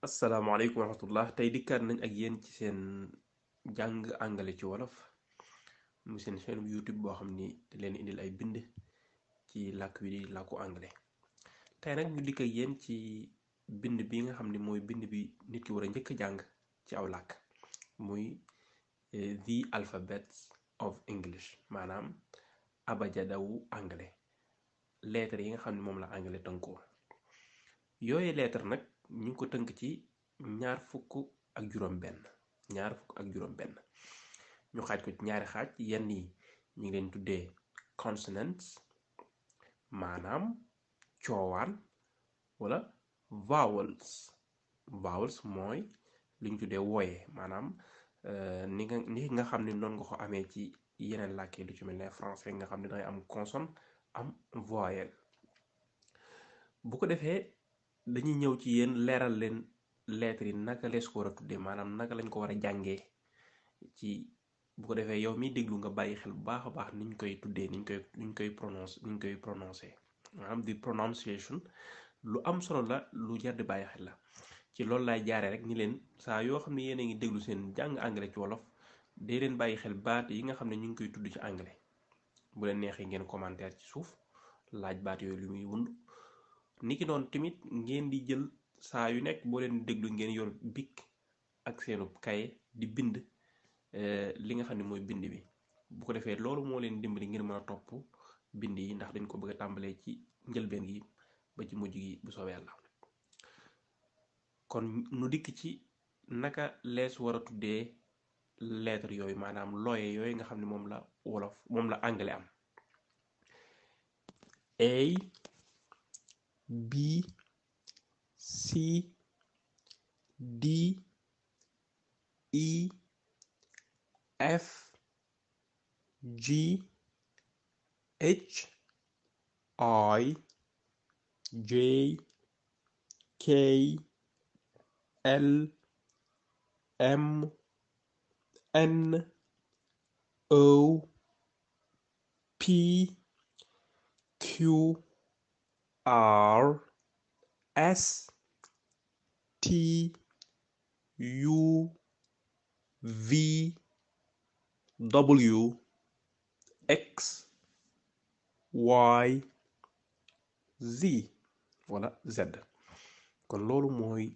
Assalamualaikum warahmatullahi tay tey dikkaat nañ ak yeen ci seen jang anglais ci wolof mu seen chaîne youtube bo xamni da leen indil ay bind ci lak wi di làkku àngale tey ñu dikk ak yeen ci bind bi nga xamni moy mooy bind bi nit ki wara ñëk jang ci aw lak muy the alphabet of english manam abajadawu anglais lettre yi nga xamni mom la anglais tonko lettre nak ñu ngi ko tënk ci ñaar fukk ak juróom-benn ñaar fukk ak juróom-benn ñu xaaj ko ci ñaari xaaj yenn yi ñu ngi leen tuddee consonants maanaam coowaan wala vowels vowels mooy li ñu tuddee wooye maanaam euh, ni nga ni nga xam ne noonu nga ko amee ci yeneen làkk yi lu ci mel français nga xam ne dangay am consonne am voyelle bu ko defee. dañuy ñëw ci yéen leeral leen lettre yi naka lees ko war a tuddee maanaam naka lañ ko war a jàngee ci bu ko defee yow mi déglu nga bàyyi xel bu baax a baax niñ koy tuddee niñ koy niñ koy prononce niñ koy prononcé maanaam di prononciation lu am solo la lu jar bàyyi xel la ci loolu laay jaaree rek ni leen saa yoo xam ne yéen a ngi déglu seen jàng anglais ci wolof dee leen bàyyi xel baat yi nga xam ne ñu ngi koy tudd ci anglais bu leen neexee ngeen commentaire ci suuf laaj baat yooyu lu muy wund ki noonu tamit ngeen di jël saa yu nekk boo leen déglu ngeen yor bic ak seenu kaye di bind euh, li nga xam ne mooy bind bi bu ko defee loolu moo leen dimbali ngir man a topp bind yi ndax dañ ko bëgg a tàmbalee ci njëlbeen gi ba ci mujj gi bu soobee la kon nu dikk ci naka lees war a tuddee lettre yooyu maanaam looye yooyu nga xam ni moom la wolof moom la anglais am a B, C, D, E, F, G, H, I, J, K, L, M, N, O, P, Q, R S T U V W X Y Z wala Z kon loolu mooy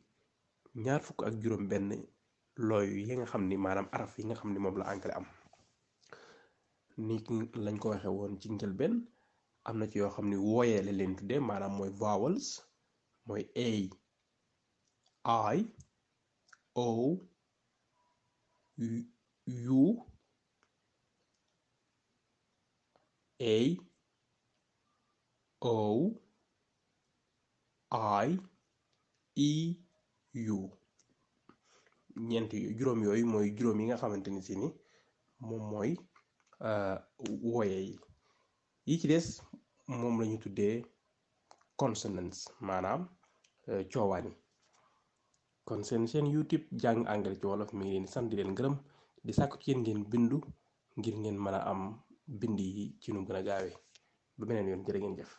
ñaar fukk ak juróom benn looy yi nga xam ni maanaam araf yi nga xam ni moom la anglais am ni lañ ko waxe woon ci njëlbeen am na ci yoo xam ne wooyee la leen tuddee maanaam mooy vowels mooy a i o u a u ñeent juróom yooyu mooy juróom yi nga xamante ni si ni moom mooy euh, wooyee yi yi ci des moom la ñu tuddee consonance maanaam euh, coowaan yi kon seen seen youtube jàng anglais ci wolof mi ngi leen di sant di leen gërëm di sàkku ci yéen ngeen bindu ngir ngeen mën a am bind yi ci nu gën a gaawee ba beneen yoon jërë ngeen jëf